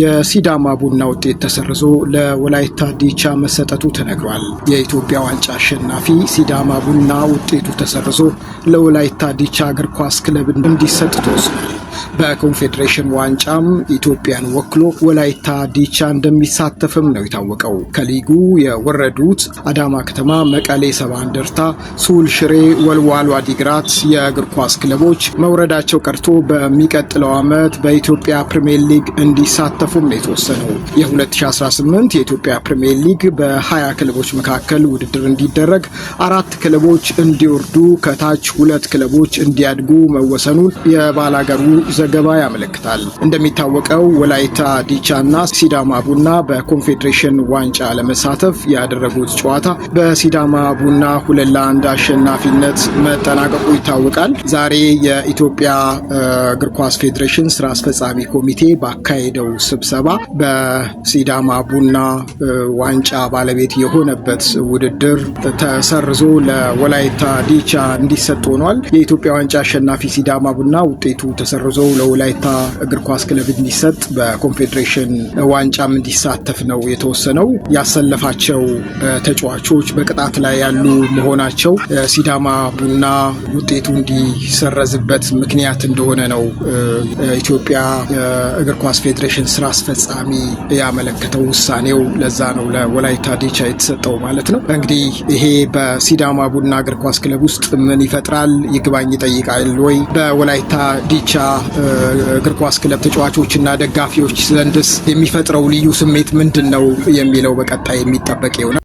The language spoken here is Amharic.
የሲዳማ ቡና ውጤት ተሰርዞ ለወላይታ ዲቻ መሰጠቱ ተነግሯል። የኢትዮጵያ ዋንጫ አሸናፊ ሲዳማ ቡና ውጤቱ ተሰርዞ ለወላይታ ዲቻ እግር ኳስ ክለብ እንዲሰጥ ተወስኗል። በኮንፌዴሬሽን ዋንጫም ኢትዮጵያን ወክሎ ወላይታ ዲቻ እንደሚሳተፍም ነው የታወቀው። ከሊጉ የወረዱት አዳማ ከተማ፣ መቀሌ ሰባ እንደርታ፣ ሱል ሽሬ፣ ወልዋሉ አዲግራት የእግር ኳስ ክለቦች መውረዳቸው ቀርቶ በሚቀጥለው ዓመት በኢትዮጵያ ፕሪምየር ሊግ እንዲሳተፉም ነው የተወሰነው። የ2018 የኢትዮጵያ ፕሪምየር ሊግ በ20 ክለቦች መካከል ውድድር እንዲደረግ አራት ክለቦች እንዲወርዱ ከታች ሁለት ክለቦች እንዲያድጉ መወሰኑን የባላገሩ ዘገባ ያመለክታል። እንደሚታወቀው ወላይታ ዲቻና ሲዳማ ቡና በኮንፌዴሬሽን ዋንጫ ለመሳተፍ ያደረጉት ጨዋታ በሲዳማ ቡና ሁለት ለአንድ አሸናፊነት መጠናቀቁ ይታወቃል። ዛሬ የኢትዮጵያ እግር ኳስ ፌዴሬሽን ስራ አስፈጻሚ ኮሚቴ ባካሄደው ስብሰባ በሲዳማ ቡና ዋንጫ ባለቤት የሆነበት ውድድር ተሰርዞ ለወላይታ ዲቻ እንዲሰጥ ሆኗል። የኢትዮጵያ ዋንጫ አሸናፊ ሲዳማ ቡና ውጤቱ ተሰርዞ ደሞዘው ለወላይታ እግር ኳስ ክለብ እንዲሰጥ በኮንፌዴሬሽን ዋንጫም እንዲሳተፍ ነው የተወሰነው። ያሰለፋቸው ተጫዋቾች በቅጣት ላይ ያሉ መሆናቸው ሲዳማ ቡና ውጤቱ እንዲሰረዝበት ምክንያት እንደሆነ ነው ኢትዮጵያ እግር ኳስ ፌዴሬሽን ስራ አስፈጻሚ ያመለከተው ውሳኔው። ለዛ ነው ለወላይታ ዲቻ የተሰጠው ማለት ነው። እንግዲህ ይሄ በሲዳማ ቡና እግር ኳስ ክለብ ውስጥ ምን ይፈጥራል? ይግባኝ ይጠይቃል ወይ? በወላይታ ዲቻ እግር ኳስ ክለብ ተጫዋቾችና ደጋፊዎች ዘንድስ የሚፈጥረው ልዩ ስሜት ምንድን ነው የሚለው በቀጣይ የሚጠበቅ ይሆናል።